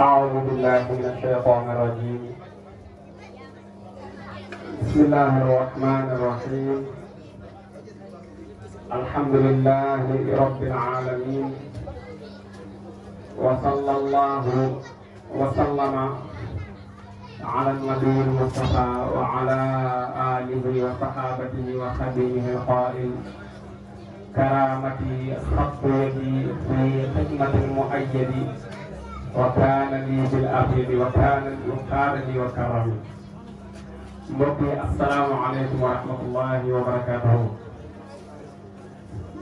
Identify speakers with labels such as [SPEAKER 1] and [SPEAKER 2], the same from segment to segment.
[SPEAKER 1] أعوذ بالله من الشيطان الرجيم بسم الله الرحمن الرحيم الحمد لله رب العالمين وصلى الله وسلم على النبي المصطفى وعلى آله وصحابته وخديمه القائل كرامتي خطوتي يدي في خدمة المؤيد wa kaana lii bil axiiri wa kaana lii wa karami mbokk yi asalaamu aleykum wa rahmatullahi wa barakaatuhu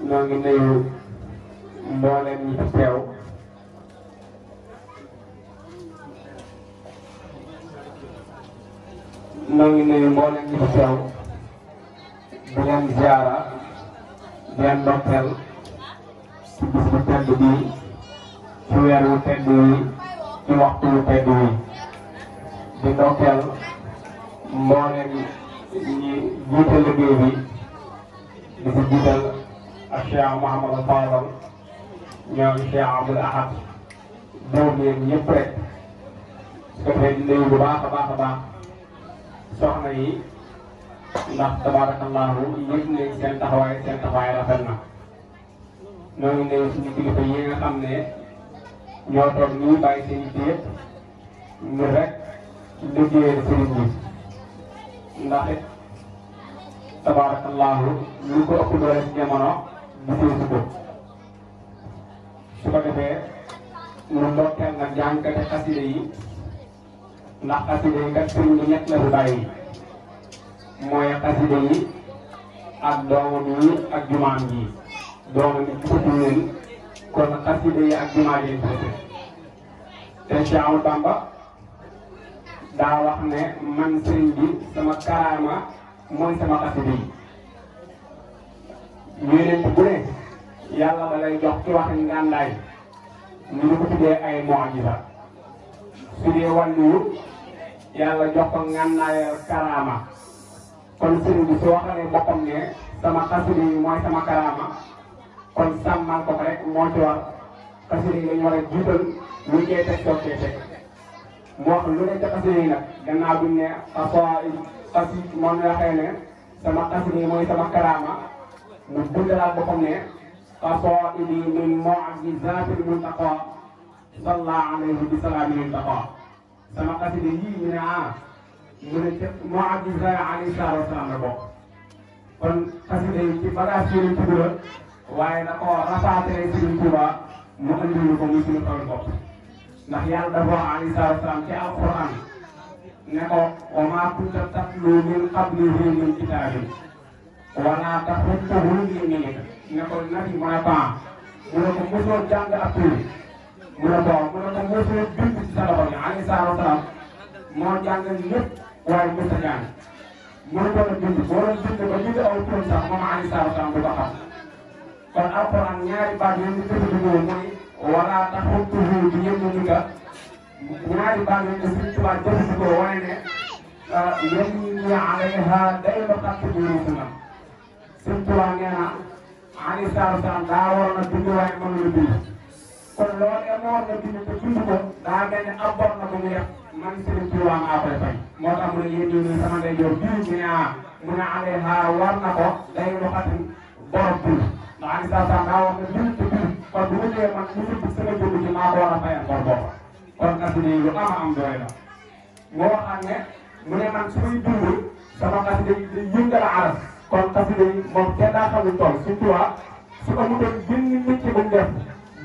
[SPEAKER 1] noo ngi nuyu mboolem ñi fi teew noo ngi nuyu mboolem ñi fi teew di leen ziara ci weer wu tedd wi ci waxtu wu tedd wi di ndokkeel mboolem ñi jiite liggéey bi di si jiital ak Cheikh Mouhamadou Fadal ñoom Cheikh Abdoul Ahad doom yéen ñëpp rek su ko defee di nuyu bu baax a baax a baax soxna yi ndax tabaarakallaahu yëg nañ seen taxawaay seen taxawaay rafet na ñoo ngi nuyu suñu kilifa nga xam ne ñoo toog nii bàyyi seen yitte yëpp ngir rek liggéeyal sëriñ bi ndax it tabaarakallaahu lu ko ëpp doole ci jamono di séesu ko su ko defee ñu ndokkeel nag jàngkati xaside yi ndax xaside yi kat sëriñ bi ñett la fi bàyyi mooy xaside yi ak doomam yi ak jumaam yi doomam yi ci ko kon xasida yi ak jumaa te Cheikh Amadou daa wax ne man sëriñ bi sama karaama mooy sama xasida yi yonent bu ne yàlla da lay jox ci wax ngàndaay ñu ñu ko tuddee ay mu'jiza su dee wàllu yàlla jox ko ngàndaayal karaama kon sëriñ bi soo waxee boppam ne sama xasida mooy sama karaama kon sàmmal ko rek moo ci war xasida yi lañ war a jiital lu cee teg soog cee teg mu wax lu ne ca xasida yi nag ne xasoa xasi moom la waxee sama xasida yi sama karaama mu bundalaat boppam ne xasoa ili min mu'jizatil muntaqa salla alayhi bi salaamin muntaqa sama xasida yii ñu ne ah mu ne ca mu'jiza alayhi salaatu wa salaam la bokk kon xasida yi ci bagage yi lañ waaye na koo rafaatale Sëriñ Tuuba mu indi ñu ko muy suñu tool bopp ndax yàlla dafa wax alayhi salaatu salaam ci alquran ne ko wa maa kunta tatluu min qablihi min kitaabin wala taxuttuhu bi yamiinika ne ko nafi mu ne baa ah, mu ne ko mosoo jàng ak tuuti mu ne boo mu ne ko mosoo bind ci sa loxo bi alayhi salaatu salaam moo jàng ñëpp waaye mosut a jàng mu ne ko la bind boo doon bind ba bind aw turam sax moom alayhi salaatu salaam du ko xam kon alquran ñaari baat ñu wala di yëngu ni nga ñaari baat yooyu ne suñ tubaab jëfandu ko wane ne yéen ñi alayha day ba tàkk buurukuna suñ tubaab nee na ani saaru saam daa waroon a bind waaye kon loolee moo war na bind te bind ko daa mel ne na ko man fay sama ndey yor biir mu ne mu ne alayha war na ko no anda sa nawamɓe yiltidi ko duuɗe man musidɓe sene joɗuji ma ɓoola fayen bor booba kon gaside yo ɓama am doyla sama gaside di yëngal aras kon gaside yi moom kenn daa xamul tool surtout waa su demut ci tukki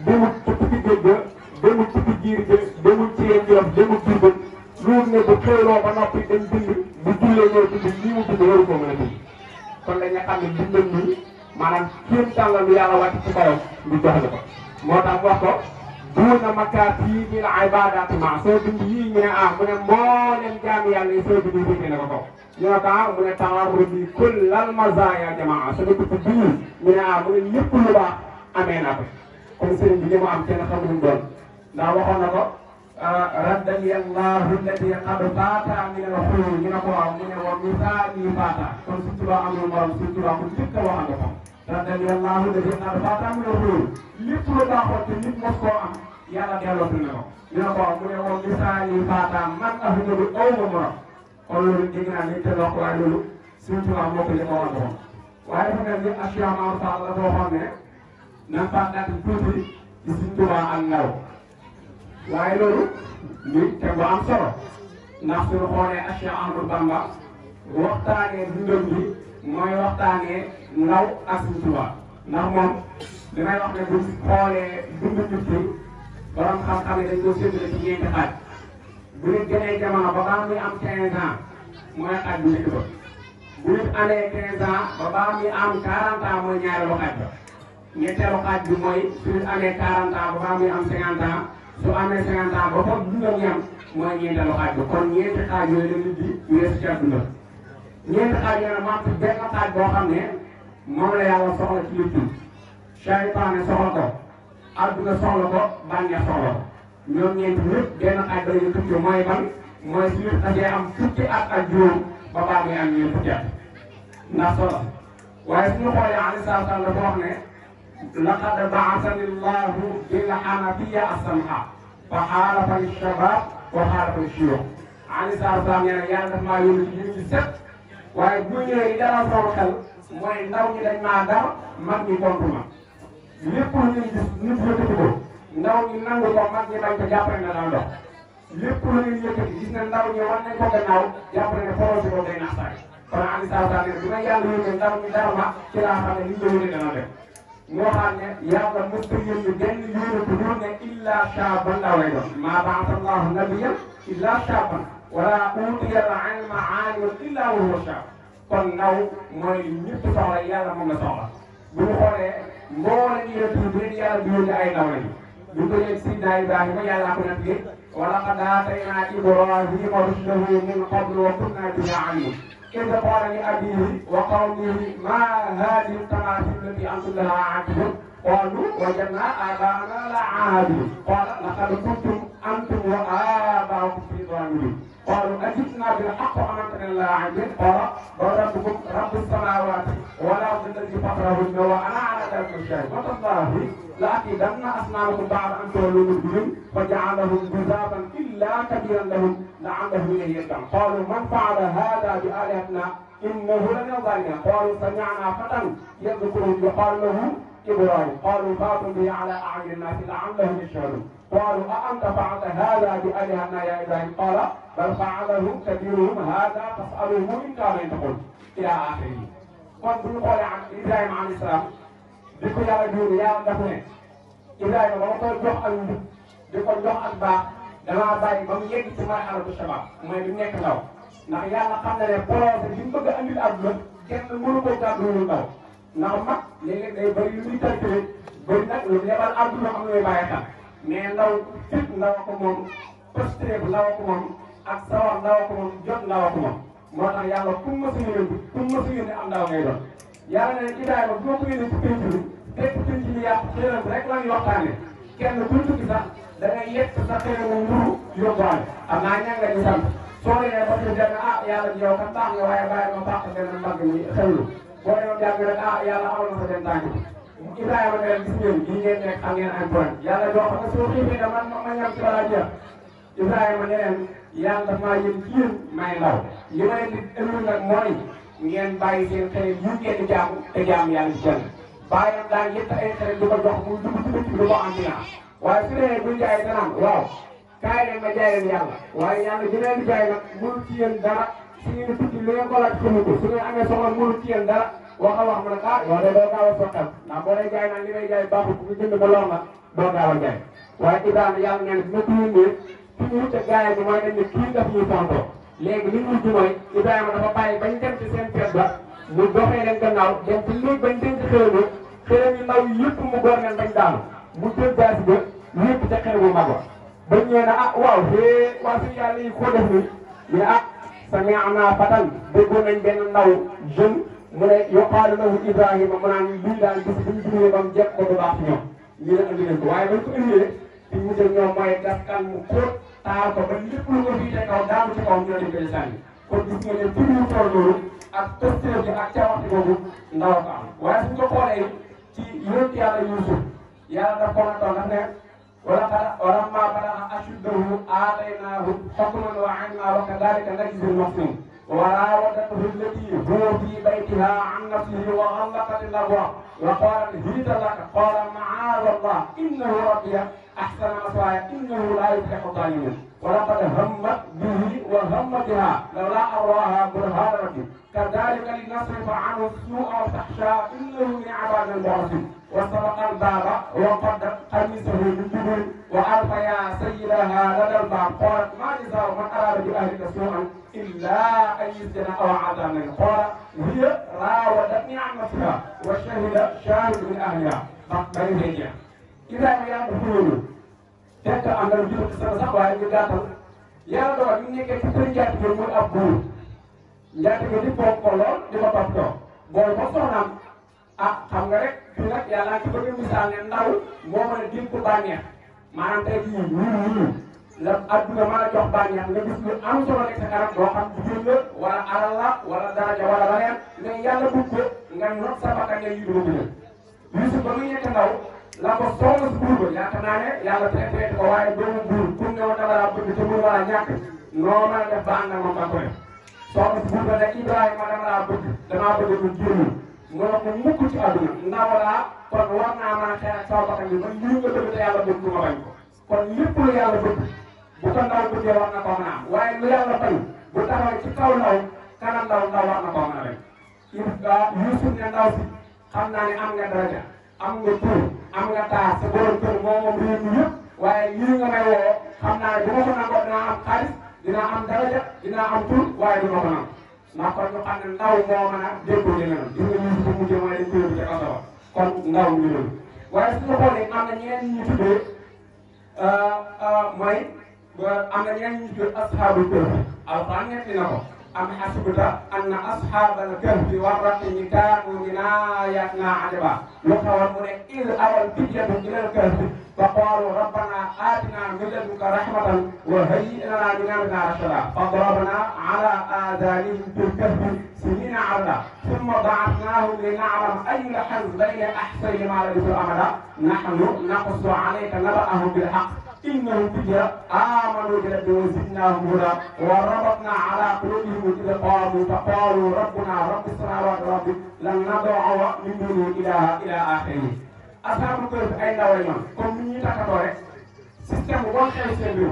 [SPEAKER 1] demut ci tukki demut ci demut jurbal luur ne bu xëyroo ba noppi dem bind bu jullee ñëw bind lii mu bind waru maanaam kéem tànn la lu yàlla wàcc ci kawam lu jox la ko moo ma soo bind yii ñu ne ah mu ne moo leen jaam yàlla yi soo bind yii ne ko kaw ñu ne ko ah mu ne tawarrudi kullal mazaaya jamaa su nekk ci biir ñu ne ah mu ne lépp lu baax amee na ko kon sëriñ mu am kenn xamuñu doon ndax waxoon na ko Ah, raddani allahu alladi qad baata min alxuur ñu ne ko waaw mu ne wa misaali baata kon suñ tubaa amul morom suñ tubaa ko lépp loo am ko raddani allahu alladi qad baata min alxuur lépp lu baaxoon te nit mos koo am yàlla delloo fi ne ko ñu ne ko waaw mu ne wa misaali baata man ahmadu aw ma morom kon loolu dégg naa nit te loo ko waaye loolu suñ tubaa moo ko yëngoo woon ko waaye dafa mel ni assurement Fall la boo xam ne na fàttaati tuuti ci suñ tubaa ak ndaw waaye loolu luy te bu am solo ndax suñu xoolee ak Cheikh Amadou Bamba waxtaanee dundam bi mooy waxtaanee ndaw ak suñu Tuubaa ndax moom damay wax ne bu xoolee dundu jub bi borom xam-xam yi dañ koo séddale ci ñeenti xaaj bu nit gënee jamono ba baa am 15 mooy xaaj bu njëkk ba bu nit amee 15 ans ba am 40 ans mooy ñaareelu xaaj ba. ñetteelu xaaj bi mooy suñu amee 40 ans ba am 50 ans amee 50 ans ba foog dundam ñam mooy ñeenteelu xaaj bi kon ñeenti xaaj yooyu la nit di weesu ca dundam ñeenti xaaj yooyu nag maam benn xaaj boo ne moom la yàlla soxla ci nit ñi seytaane soxla ko adduna soxla ko bànneex soxla ko ñoom ñeenti ñëpp benn xaaj ba ñu tukkee mooy ban mooy suñu xasee am fukki at ak ba baa muy am ñeent fukki at ndax solo waaye suñu xoolee alayhi salaatu salaam dafa لقد بعثني الله بالحنفية السمحة فحارب الشباب وحارب الشيوخ علي Sarr Sarr nee na yàlla daf maa yónni ci ñun ci sëpp waaye bu ñëwee li dalal sama xel mooy ndaw ñi dañ maa dar mag ñi tontu ma lépp lu ñuy gis nit yëkkati ko ndaw ñi nangu ko mag ñi bañ ko jàppale na daan dox lépp lu ñuy yëkkati gis na ndaw ñi war nañ ko gannaaw jàppale ne projet boobu day naxtaay kon Ali Sarr Sarr nee na bi ma yàlla yónnee ndaw ñi dar ma ci laa xam ne li ñu doon dana dem.
[SPEAKER 2] moo xam ne yàlla
[SPEAKER 1] mës na yónni benn yónni bu dul ne illaa shaaban laa lay doon maa baasa allahu nabiyan illaa shaaban wala uutiya al ilma aaliman illaa wa huwa shaab kon ndaw mooy ñëpp soxla yàlla moom la soxla bu ñu xoolee mboolem yonent yi bu leen yàlla di yónni ay ndaw lañu bu ko yëg sidna Ibrahima yàllaa ko natt gi wa laqad aataynaa Ibrahima rushdahu min qablu wa kunnaa bihi aliim كيف قال لأبيه وقومه ما هذه التماثيل التي أنتم لها عاكفون قالوا وجدنا آباءنا لا عابدين قال لقد كنتم أنتم وآباؤكم في ظالمين قالوا أجبنا بالحق وأمرتنا الله عجل قال ربكم رب السماوات والأرض الذي فطرهن وأنا على ذلك الشاهد وتالله لأكيدن أصنامكم بعد أن تولوا مدبرين فجعلهم جزابا إلا كبيرا لهم لعله إليه يرجعون قالوا من فعل هذا بآلهتنا إنه لن الظالمين قالوا سمعنا فتى يذكرهم يقال له إبراهيم قالوا فاتوا به على أعين الناس لعلهم يشهدون قالوا أأنت فعلت هذا بآلهتنا يا إبراهيم قال بل فعله كبيرهم هذا تسأله إن كان يدخل إلى آخره. قد بنقول عن إبراهيم عليه السلام li ko yàlla diwlu a daf ne Ibrahima ba ma ko jox ak njub di ko jox ak baax damaa bàyyi ba mu yegg ci mooy alatu sabab mooy bi nekk ndaw ndax yàlla xam na ne projet bi mu a andil àdduna kenn mënu ko gàddu ndaw ndax mag léeg-léeg day bëri lu muy tënkale bëri nag lu lebal àdduna am looy bàyyi xel mais ndaw fit ndaw ko moom posture bu ndaw ko moom ak sawar ndaw ko moom jot ndaw ko moom moo tax kum ma suñu yëngu kum ma suñu yëngu am ndaw ngay doon yàlla ne Ibrahima bu ma ko yëngu ci pénc bi lépp jëm ci ñu yàqu xëram rek lañ waxtaane kenn kuñ tukki sax da ngay yett sa xëramu mburu yóbbaale am naa ña nga ñu sant soo demee ba ñu dem ah yàlla yow kat baax nga waaye bàyyi ma baax benn mbagg mi xëylu boo demoon jàng rek ah yàlla amal na sa dem tànk bi Ibrahima ne leen gis ngeen lii ngeen nekk am ngeen ay point yàlla doo xam ne soo xiifee da man ma ñam ci balaa jeex Ibrahima ne leen yàlla daf maa yëm ci yéen may ndaw li ma leen di ëllëg nag mooy ngeen bàyyi seen xëy yu ngeen di jaamu te jaam yàlla ci jënd bàyyam daal ñett ay xarit di ko jox muy dugg ci dëkk bi ko am dina waaye su dee bu jaay danaan waaw kaay leen ma jaay leen yàlla waaye yàlla di leen jaay nag mënu ci yéen dara su ngeen tukki li ngeen ko laaj xamu ko su ngeen amee soxla mënu ci yéen dara wax a wax ma ne ah yow de doo gaaw a sottal ndax boo dee jaay naan li ngay jaay baaxul bu jënd ba lor la doo gaaw a jaay waaye Ibrahima yàlla nee na dina ko yëngee ki ñu wut ak gars yi mooy dañ ne kii daf ñuy fontoo léegi li ñu wut mooy Ibrahima dafa bàyyi bañ dem ci seen feet ba mu doxee leen gannaaw dem ci léegi bañ dem ci xéwlu xeer yu ndaw yëpp mu góor ngeen bañ daanu mu jël jaasi ba yëpp ca xeer bu mag ba bañ ñee na ah waaw hee waa suñu yàlla yi koo def a mais ah sami'na fatan déggoon nañ benn ndaw jeune mu ne yuqaalu Ibrahima mu naan lii daal bis bu ñu juree ba mu jekk ko baax ñoom lii la andi leen ko waaye bañ ko indee fi mu ba lépp lu nga fii te kaw daanu ci kaw ñoo dem koy sànni kon gis nga ne fi mu toll loolu ak posture bi ak ca waxtu boobu ndaw ko am waaye suñ ko xoolee ci yonent yàlla Yuusuf yàlla daf ko nattoon daf ne wala xara wala maa balagha ashuddahu aataynaahu hukman wa ilman wa kadhalika najzi al-muhsinin wa raawadathu allati huwa fi baytihaa an nafsihi wa ghallaqat al-abwaab wa qaalat hiya laka qaala ma'aadha Allah innahu rabbiya ahsana maswaaya innahu laa yuflihu adh-dhaalimiin wa laqad hammat bihi wa hamma bihaa lawlaa an ra'aa burhaana rabbihi كذلك لنصرف عنه السوء والفحشاء انه من عباد المعصين وسرق الباب وقدت قميصه من جبل والقى يا سيدها لدى الباب قالت ما جزاء من اراد باهلك سوءا الا ان يسجن او عذابا قال هي راودتني عن نفسها وشهد شاهد من اهلها بين هي اذا يا مفهوم تك ان الجبل سنه صعبه هي يا رب منك كثير جات في المول Jadi bi di di ko toppatoo bool ba soxnaam ah xam nga rek fii nag yàlla ci bëgg misaal ndaw moo mën a dimb bànneex maanaam tey jii wii la adduna mën jox bànneex nga gis lu am solo nekk sa kanam doo xam jigéen la wala alal la wala daraja wala leneen mais yàlla bëgg ko nga not sa Yusuf ba muy ndaw la ko ko wala def ba ko soxna si Bouta ne Ibrahima dama laa bëgg damaa bëgg mu jéem nga wax ne mukk ci àdduna ndaw laa kon war naa mën a xeex ak sama bakkan bi man lii nga bëgg te yàlla bëgg du ma bañ ko kon lépp lu yàlla bëgg bu ko ndaw bëggee war na koo mën a am waaye lu yàlla bañ bu taxawee ci kaw ndaw kanam ndaw ndaw war na koo mën a bañ. Ah, Yuusuf ne ndaw si xam naa ne am nga daraja am nga tur am nga taas sa borom kër moo moom réew mi yëpp waaye lii nga may woo xam naa ne bu ma ko nangoo dinaa am xaalis dina am daraja dina am tur waye du ko nam na ndax ñu xamne ndaw mo moo mën a nam di nga ñu ko mujjee mooy dañ ko ci ca kasawa kon ndaw ñu loolu waaye su ko xoolee am na ñeen ñu euh euh tuddee bo am na ñeen ñu tuddee asxaabu kër alxuraan nekk na ko أم حسبت أن أصحاب الكهف والرقم كانوا من آياتنا عجبا يقولون إذ أوى الفتية من الكهف فقالوا ربنا آتنا من لدنك رحمة وهيئ لنا من أمرنا رشدا فضربنا على آذانهم في الكهف سنين عدا ثم بعثناهم لنعلم أي الحزبين أحسن ما لبثوا أمدا نحن نقص عليك نبأهم بالحق إنهم فجرة آمنوا بربهم وزدناهم هدى وربطنا على قلوبهم إذ قاموا فقالوا ربنا رب السماوات والأرض لن ندعو من دونه إلها إلى آخره asaabu kër bi ay ndaw lañ comme ni ñuy takkatoo rek système boo xew seen biir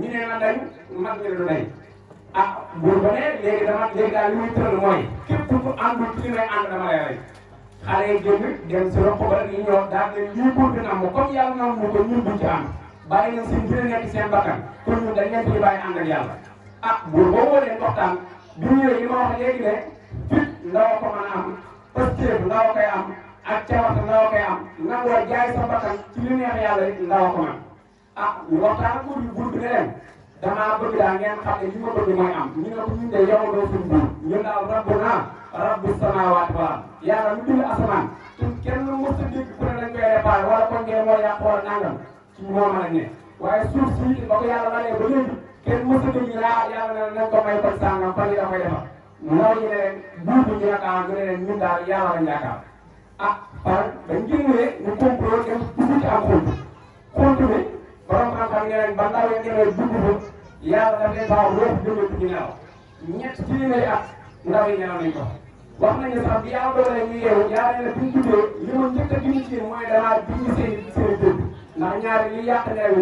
[SPEAKER 1] ñu ne na dañ mag ñu ne du dañ ah buur ba ne léegi dama léegi daal li muy tëral mooy képp ku àndul ci li may ànd dama lay rey xale yi génn dem si roq ba rek li ñuy wax daal ne lii buur bi nam comme yàlla nam mu ko ñun duñ ci ànd bàyyi leen seen jërë nekk seen bakkan pour ñun dañ leen di bàyyi ànd ak yàlla. ah buur boobu leen waxtaan bi ñu ñëwee li ma wax léegi ne fit ndaw ko mën a am pëstéef ndaw koy am ak cawarte ndaw koy am nangoo jaay sa bakkan ci li neex yàlla it ndaw ko mën ah waxtaan ak buur buur bi ne leen damaa bëgg daa ngeen xam ne li ma bëgg mooy am ñu ne ko ñun de yow doo suñu buur ñun daal rabbu naa rabbu samaawaati wal ard yàlla lu dul asamaan kenn mës a dégg ku ne dañ koy réparé wala kon ngeen moo yàq wala nangam. moo mën a ne waaye suuf si ba ko yàlla nalee ba léegi kenn mësatu ñu laa ah, yàlla na ko may kon sàngam fan yi da koy defar mooy ñu ne leen buubu ñu yaakaar ñu ne leen ñun daal yàlla lañ yaakaar ah par dañ génnee ñu complot dem dugg ci am xóot xóot bi borom xam-xam ne leen ba ndaw ya ngeen dugg fa yàlla daf leen baaw roof jóge ci ginnaaw ñett ci li ngay at ndaw yi nelaw nañ ko wax nañu sax bi yàlla doole ñu yeewu yàlla ne la bi ñu tuddee li ma njëkk a dindi ci mooy danaa dindi seen seen ndax ñaari li yàq neew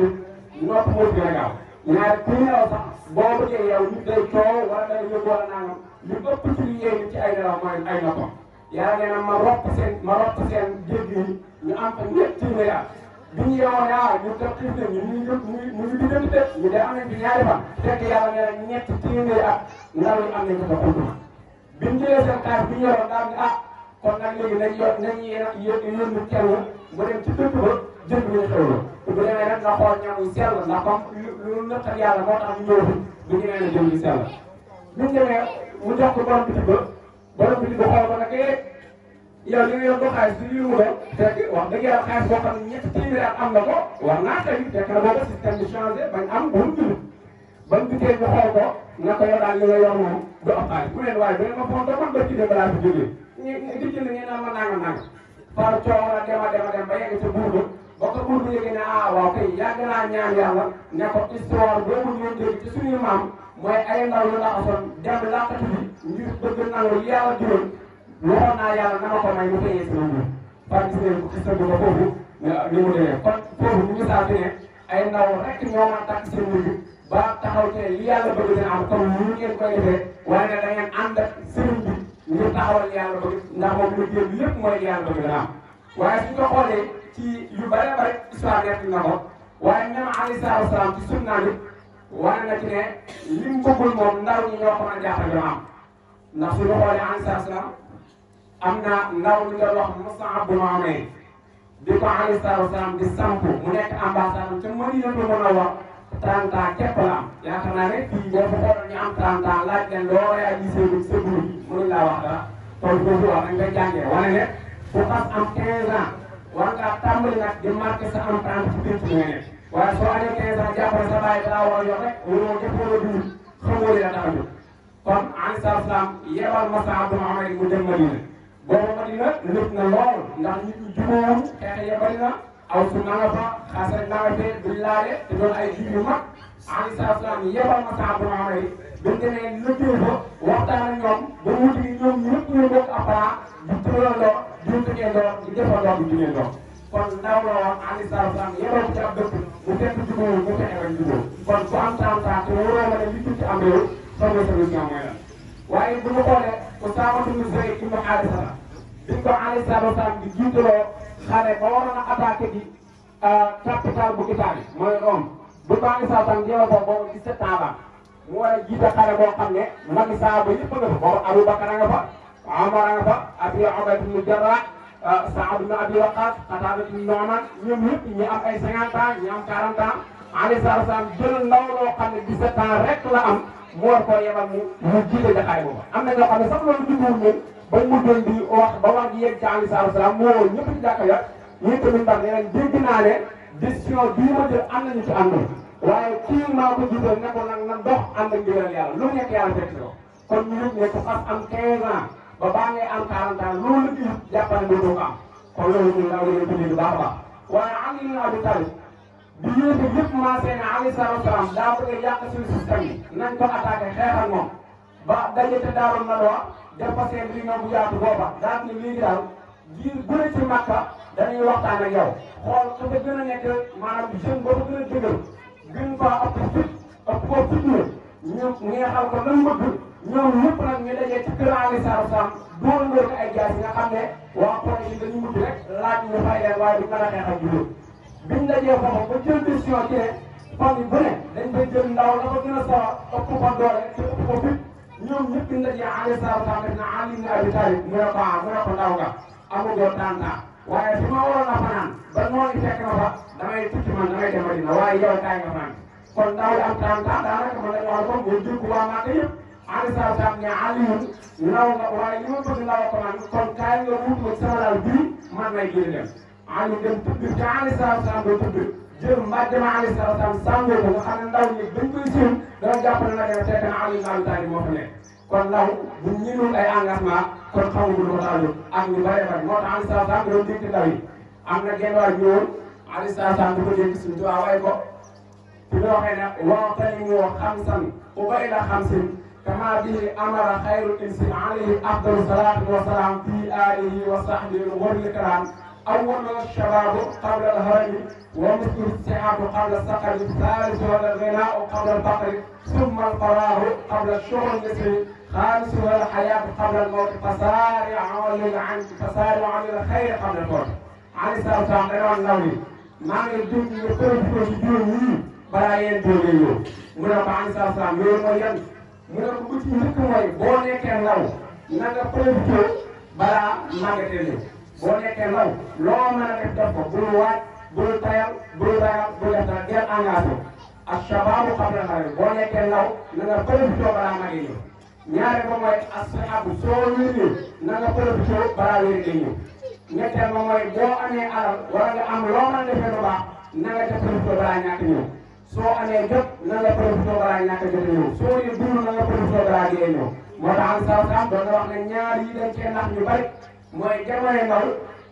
[SPEAKER 1] yi nopp moo gën a gaaw ñaari kuy nelaw sax boo bëggee yow nit day coow wala day yëngu wala nangam lu ci li yéen ci ay nelaw mooy ay noppam yàlla nee na ma ropp seen ma ropp seen jéggi yi ñu am fa ñetti milliards ñu yewoon yaa ñu def xiif de am nañ bi ñaari fan fekk yàlla nee na ñetti téeméeri at ndaw yi bi ñu jëlee seen bi ñu yoroon daal ni ah kon nag léegi nañ yor nañ yéen a yéen a yónni bu dem ci dëkk ba jëf ngay xewlu bu demee rek nga xool ñam yu sell ndax comme lu nattal yàlla moo tax ñu ñëw fi bu ñëwee na jëm yu sell bu ñu demee mu jox ko borom bitig ba borom bitig ba xool ko nag eh yow li nga yor ba xaalis du yëngu doon fekk wax dëgg yàlla xaalis boo xam ne ñetti téeméer at am na ko war naa xëy fekk na boobu système bi changé bañ am ba mu jublu bañ bitee ñu xool ko na ko yor daal li nga yor moom du am xaalis bu leen waaye bu leen ma foog doon man ba ci dem balaa fi jógee ñu ñu di jënd ñu naan ma nangam nangam par coow la dem a dem a dem ba yegg ca buur ba ko buur bi yëgee ne ah waaw kay yàgg naa ñaan yàlla ne ko histoire boobu ñu dégg ci suñu maam mooy ay ndaw yu laxasoon dem làqatu bi ngir bëgg nangu yàlla juróom waxoon naa yàlla na ma ko may mu feeñee si man par gis ngeen ko gis nga ko foofu ni mu demee kon foofu ngi saa fi ne ay ndaw rek ñoo mën a takk seen mujj ba taxaw te li yàlla bëgg dina am comme ni ngeen koy defee waaye nag da ngeen ànd ak sëriñ bi ñu taxawal yàlla bëgg ndax bi lépp mooy yàlla bëgg dana am waaye suñ ko xoolee ci yu bare bare histoire nekk na ko waaye même alayhi salaatu wa salaam ci sunna bi na ci ne lim bëggul moom ndaw ñi ñoo ko mën a jaaxal am ndax suñu xoolee alayhi salaam am na ndaw ñu doon wax Mus'ab bu Umayr di ko alayhi salaatu wa salaam di samp mu nekk ambassade ca Madinatu Munawwara 30 ans képp la am yaakaar naa ne fii boo ko xooloon ñu am 30 ans laaj leen loo réalisé lu sëgul mënuñ laa wax dara kon foofu wax dañ koy jàngee wane ne bu xas am 15 ans. war ngaa tàmbali nag di marqué sa empreinte ci pénc mi waaye soo amee 15 ans jàppal sa bàyyi daa war a yor rek wala jëfoo la duul xamoo li la tax a jóg kon alayhi salaam yebal Moussa bu Muhammad mu dem Madina boobu Madina lëpp na lool ndax nit ñi jubóowul xeex yebal na aw su na nga fa xasee na nga fee du laale te doon ay jiw yu mag alayhi salaam yebal Moussa bu Muhammad buñ demee lëkkale fa waxtaan ak ñoom ba wuti ñoom ñëpp ñu bokk appareil ñu tëraloo. ñu tukkee ñu jëfandoo ñu jugee ndox kon ndaw la woon Alioune Sarr Sarr yoroo ci ab dëkk bu fekk jubóo bu fexe rek jubóo kon ku am temps temps te wóoroo ma ne li tuuti am réew soxla sa mission mooy lan. waaye bu ñu xoolee Oussama ibn Zayd ibn Haarisa la biñ ko Alioune Sarr Sarr di jiitaloo xare ba waroon a attaqué di euh, capital bu Italie mooy Rome bu ko Alioune Sarr Sarr jéem a ko boobu 17 la mu war a jiite xare boo xam ne mag saaba yëpp nga fa boobu Aboubacar nga fa. Omar a nga fa Abi Ubayda ibn Jarrah euh, Saad ibn Abi Waqas Qatada ibn Nu'man ñoom ñëpp ñi am ay 50 ans ñi am 40 ans alayhi salaatu salaam jël xam ne 17 ans rek la am mu war koo mu mu jiite jaxaay boobu am na ñoo xam ne sax loolu jubluwul ñun ba mu doon di wax ba wax ji yegg ci alayhi salaatu salaam moo woon ñëpp ci jàkka ya ñun tamit ndax nee nañ dégg naa ne décision ma jël am nañu ci àndul waaye kii maa ko jiital ne ko nag na dox ànd ak ndigal yàlla lu nekk yàlla fekk ko kon ñu ba baa ngay am 40 ans loolu la ñuy jàppale doo ko am kon loolu ñun daaw dañoo tuddee lu baax a baax waaye Ali ibn Abi Talib bi yéen a yëpp commencé na alayhi salaatu wa daa bëgg a yàq suñu système yi. nañ ko attaqué xeexal moom ba daje te daaroon na loo dépassé bi ñoom bu yaatu booba daal ni lii daal jiir bu ne ci Makka dañuy waxtaan ak yow xool ku fa gën a nekk maanaam jeune boo fa gën a dëgër gën faa ëpp fit ëpp koo fit ñu ñu ngeexal ko lan bëgg. ñoom ñëpp nag ñu dajee ci kër Alioune Sarr Sam dóor ngóor ko ay jaas yi nga xam ne waa projet yi dañu mujj rek laaj ñu fay leen waaye du mën a xeexal jullit biñ dajee foofu ba jël décision ci ne famille bu ne dañ koy jël ndaw la ko gën a sawar ëpp ko doole te ëpp ko fit ñoom ñëpp biñ dajee Alioune Sarr Sam def na Ali ibn Abi Talib mu ne ko ah mu ne ko ndaw nga amul doon tànta waaye fi ma waroon a fanaan ba noonu fekk na fa damay tukki man damay dem Madina waaye yow kaay nga fanaan kon ndaw yi am tànta daanaka mën nañu wax comme boo jël ko waa Màkka yëpp Aliou Sow daal ne Aliou law nga waaye li ma bëgg law ko man kon kaay nga wut ma sama law bii man may génn dem Aliou dem tudd te Aliou Sow sax ba tudd jël mbàjj ma Aliou Sow sax sàngoo ko nga xam ne ndaw ñi dañ koy siiw dana jàpp ne nag yow tey kana Aliou Sow taal moo fa nekk kon law bu ñëwul ay engagement kon xamu ko ko taal ak ñu bare bari moo tax Aliou Sow sax doon dégg ndaw yi am na genn waay ñëwoon Aliou Sow sax bu ko dégg suñu tubaab ay ko. bi nga waxee nag waaw tey ñu wax xam san ku bëri la xam sin كما به امر خير الانسان عليه افضل الصلاه والسلام في اله وصحبه الغر الكرام اول الشباب قبل الهرم ومثل السحاب قبل الثالث هو الغناء قبل الفقر ثم الفراغ قبل الشغل خامس هو الحياه قبل الموت فسارع عن فسارع الخير قبل الموت علي السلام عن النووي ما ngi يقول في koy ko ci jiw yi balaa yéen mu ne ko bu ci njëkk mooy boo nekkee ndaw na nga profité balaa màggatee ñëw boo nekkee loo mën a def bul waaj bul tayal bul ragal bul def dara gën engagé ak sababu boo nekkee ndaw na nga profité balaa màggee ñëw ñaare ba mooy asxaabu soo wér na nga profité balaa wér ngay ñëw ñetteel ba mooy boo amee alal wala am loo mën a defee lu baax na nga def soo amee jot nan la profité balaa ñàkk a jotee ñëw soo ne duuru nan la profité balaa jëlee ñëw moo tax am saw saam doon wax ne ñaar yi dañ ñu bari mooy jamono ndaw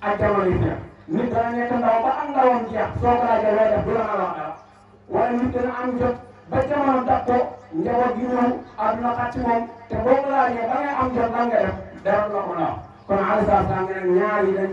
[SPEAKER 1] ak jamono yu jeex nit dana nekk ndaw ba am ndawam jeex soo ko laajee looy def du la mën a am jot ba jamono dab ko njaboot gi ñëw àdduna xat ci moom te boo ko laajee ba ngay am jot lan dara la ko ndaw kon am saw saam ñaar yi